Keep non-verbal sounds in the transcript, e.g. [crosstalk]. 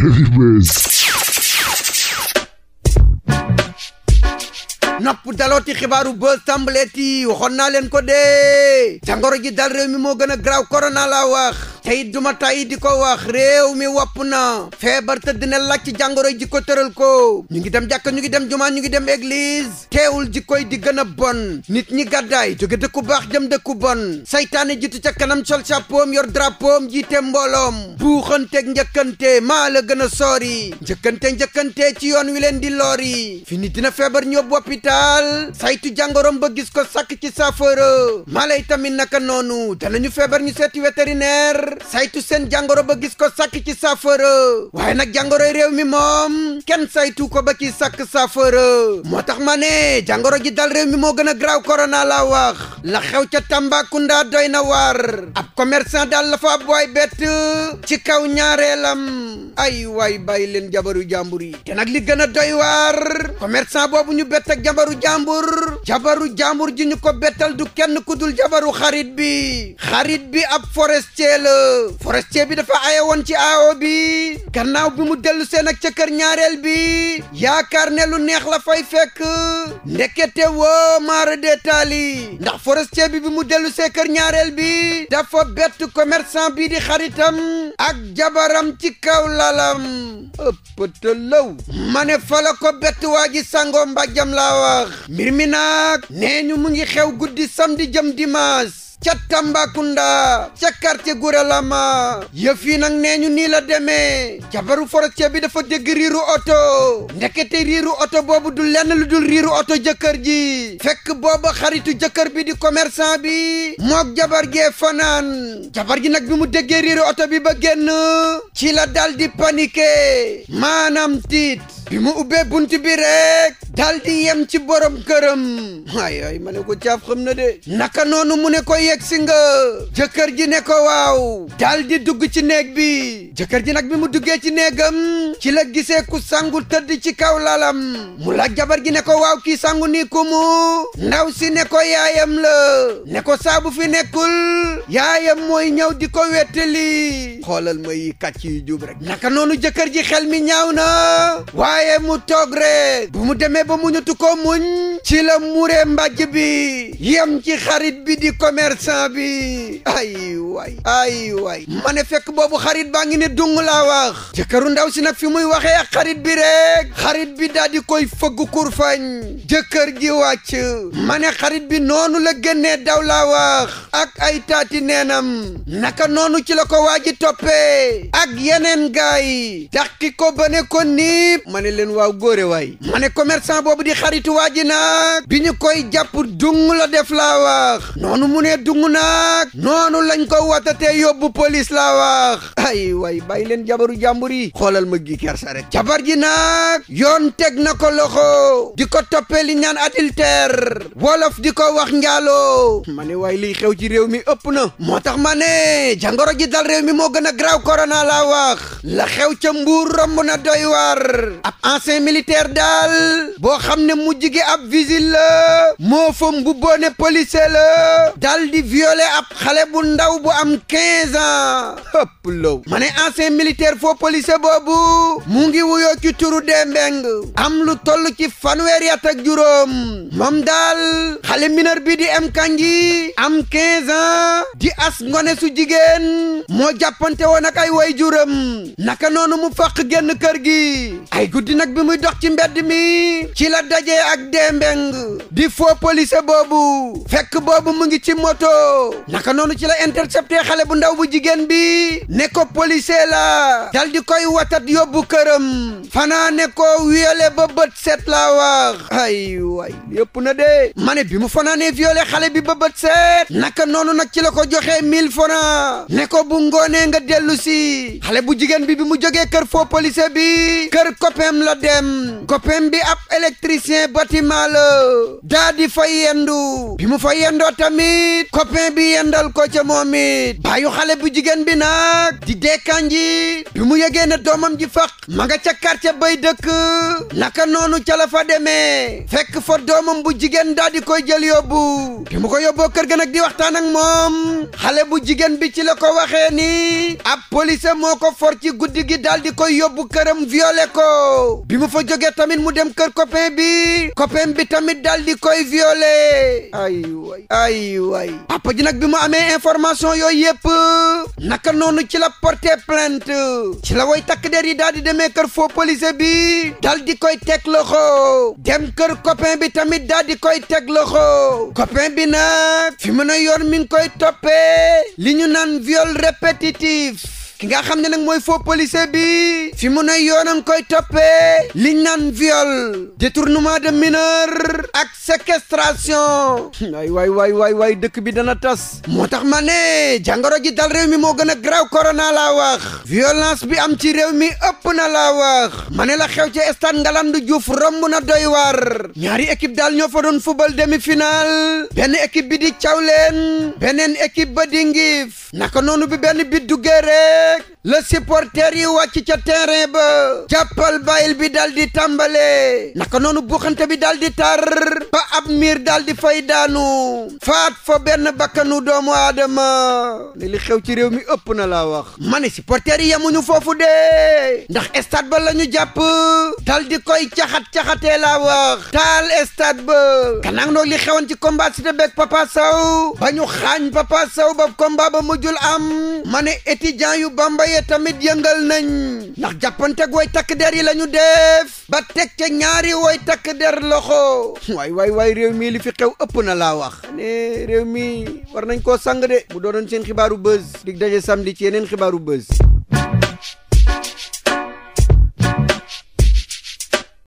nopp dalooti xibaaru buzz tàmbaleeti waxoon naa leen ko dee jangoro ji dal réew mi moo gën a graaw korona laa wax tey it duma tàyyi di ko wax réew mi wapp na feebar tëdd na laaj ci jàngoro ji ko tëral ko ñu ngi dem jàkka ñu ngi dem jumaa ñu ngi dem église teewul yi di gën a bon nit ñi gàddaay jóge dëkku baax jëm dëkku bon saytaane jitu ca kanam sol chapeau yor drapeau jiite mbooloom buuxanteeg njëkkante maa la gën a soori njëkkante njëkkante ci yoon wi leen di loori fi nit dina feebar ñu yóbbu hôpital saytu jàngoroom ba gis ko sàkk ci saafara maa lay tamit naka noonu danañu feebar ñu seeti vétérinaire saytu seen jàngoro ba gis ko sàkk ci saafara waaye nag jàngoroy réew mi moom kenn saytu ko ba ci sàkk saafara moo tax ma ne jàngoro ji dal réew mi moo gën a graaw korona la wax la xew ca Tambacounda doy na waar ab commerçant dal la fa ab waay bett ci kaw ñaareelam ay waay bàyyi leen jabaru jàmbur yi te nag li gën a doy waar commerçant boobu ñu bett ak jabaru jàmbur jabaru ji ñu ko bettal du kenn ku dul jabaru xarit bi xarit bi ab forestier forestier bi dafa aye woon ci aawo bi gannaaw bi mu dellu seen ak ca kër ñaareel bi yaakaar ne lu neex la fay fekk ndekete woo maara de taali ndax forestier bi bi mu dellu see kër ñaareel bi dafa bett commerçant bii di xaritam ak jabaram ci kaw lalam ëppatalaw ma ne la ko bett waa sangoo mbàjjam laa mbir mi nag nee ñu mu ngi xew guddi samedi jëm dimanche ca Tambacounda ca quartier Gurelama yëf yi nag nee ñu nii la demee jabaru forestier bi dafa dégg riiru oto ndekete riiru oto boobu du lenn lu dul riiru oto jëkkër ji fekk boobu xaritu jëkkër bi di commerçant bi mook jabar gee fanaan jabar ji nag bi mu déggee riiru oto bi ba génn ci la dal di paniqué maanaam tiit bi mu ubbee bunt bi rek dal di yem ci borom këram ay ay ma ne ko caaf xam na de naka noonu mu ne ko yeg si nga jëkkër ji ne ko waaw dal di dugg ci néeg bi jëkër ji nag bi mu duggee ci néegam ci la gisee ku sangu tëdd ci kaw lalam mu laaj jabar gi ne ko waaw kii sangu nii ku mu ndaw si ne ko yaayam la ne ko saabu fi nekkul yaayam mooy ñaw di ko wettali xoolal ma yi kàcc yu jub rek naka noonu jëkkër ji xel mi ñaaw na waaye mu toog rek bu mu demee ba muñatu ko muñ ci la muree mbàjj bi yem ci xarit bi di commerçant bi ay waay ay waay ma ne fekk boobu xarit baa ngi ne dung laa wax jëkkëru ndaw si nag fi muy waxee ak xarit bi rek xarit bi daal koy fëgg kurfañ jëkkër gi wàcc ma xarit bi noonu la génnee daw laa wax ak ay taati neenam naka noonu ci la ko waa ji toppee ak yeneen gaay yi dàqi ko ba ne ko niib ma ne leen waaw góore waay ma ne boobu di xaritu waa ji nag bi koy jàpp dung la def laa wax noonu mu dung nag noonu lañ ko watatee yóbbu police la wax ay waay bàyyi leen jabaru jàmbur yi xoolal ma gi kersa rek jabar ji nag yoon teg na ko loxo diko ko toppee li ñaan adultère wolof di ko wax njaaloo ma ne waaye liy ci réew mi ëpp na moo tax ma ne jàngoro ji dal réew mi moo gën a graaw korona laa wax la xew ca mbuur romb na doy war ab ancien militaire daal boo xam ne mujj gi ab vigile la moo fa mbubboone policier la dal di violer ab xale bu ndaw bu am 15 ans ëpp low ma ne ancien militaire foo policier mu ngi wuyoo ci turu Dembeng am lu toll ci fanweeri at ak juróom moom daal xale mineur bi di M Kandji am 15 ans di as ngone su jigéen moo jàppante woon ak ay way juram naka noonu mu faq génn kër gi ay guddi nag bi muy dox ci mbedd mi ci la dajee ak Dembeng di faux police boobu fekk boobu mu ngi ci moto naka noonu ci la intercepté xale bu ndaw bu jigéen bi ne ko koy watat yóbbu bu këram fanaane koo wiyole ba bët set la wax ay waay yëpp na dee ma bi mu fanaanee violé xale bi ba bët set naka noonu nag ci la ko joxee mille francs ne ko bu ngoonee nga dellu xale bu jigéen bi bi mu joge kër faux policier bi kër copain la dem copain bi ab électricien bâtiment la daa di fa yendu bi mu fa yendoo tamit copain bi yendal ko ca moom it xale bu jigéen bi nag di deekaan bi mu yëgee ne doomam faq ma nga ca quartier bay dëkk naka noonu cala la fa demee fekk fa doomam bu jigéen daal di koy jël yóbbu bi mu ko yóbboo kër ga nag di waxtaan ak moom xale bu jigéen bi ci la ko waxee ni ab policier moo ko for ci guddi gi daal di koy yóbbu këram violé ko bi mu fa jógee tamit mu dem kër copain bi copain bi tamit daal di koy violé ay way ay way papa ji nag bi mu amee information yooyu yëpp naka noonu ci la porté plainte ci la way takk der yi daal daal demee kër faux policier bi dal di koy teg loxo dem kër copain bi tamit daal di koy teg loxo copain bi na fi mën a yor min koy toppee li ñu naan viol répétitif ki nga xam ne nag mooy faux policier bi fi mu ne yoonam koy toppee liñ naan viol détournement de mineur ak séquestration way [laughs] way waay waay dëkk bi dana tas moo tax ma ne jàngoro ji dal réew mi moo gën a graw corona laa wax violence bi am ci réew mi ëpp na la wax ma ne la xew ci stade Ngalandou Diouf romb na doy war ñaari équipe daal ñoo fa doon football demi-finale benn équipe bi di cawleen beneen ba di ngif naka noonu bi benn bit duggee Tek. la supporter yi wàcc ca terrain ba jàppal bàyyil bi dal di tàmbalee naka noonu buuxante bi dal di tar ba ab miir dal di fay daanu faat fa benn bakkanu doomu aadama ne li xew ci réew mi ëpp na la wax ma ne supporter yi yemuñu foofu dee ndax stade ba la ñu jàpp dal di koy caxat-caxatee laa wax taal stade ba kanang noog li xewoon ci combat Siteu beeg Papa Sow ba ñu xaañ Papa Sow ba combat ba mujjul am ma ne étudiant yu Bambey waaye tamit yëngal nañ ndax jàppante way takk der yi la ñu def ba teg ca ñaari way takk der loxo waay waay réew mi li fi xew ëpp na laa wax ne réew mi war nañ koo sang mu mu doonoon seen xibaaru buzz dig daje samedi ci yeneen xibaaru buzz